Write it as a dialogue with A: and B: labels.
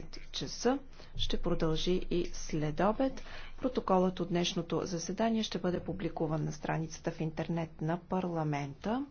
A: 15 часа. Ще продължи и след обед. Протоколът от днешното заседание ще бъде публикуван на страницата в интернет на парламента.